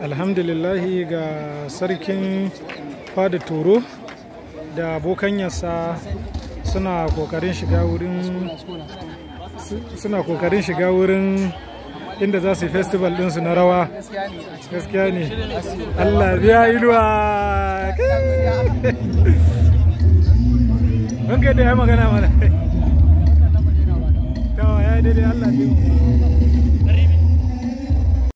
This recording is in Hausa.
alhamdulillahi ga sarkin fada toro da bokanyarsa suna kokarin shiga wurin suna kokarin shiga wurin inda za su yi festival ɗinsu na rawa gaskiya ne allah biya iluwa kai da ya magana mana tawa ya daidai allah biya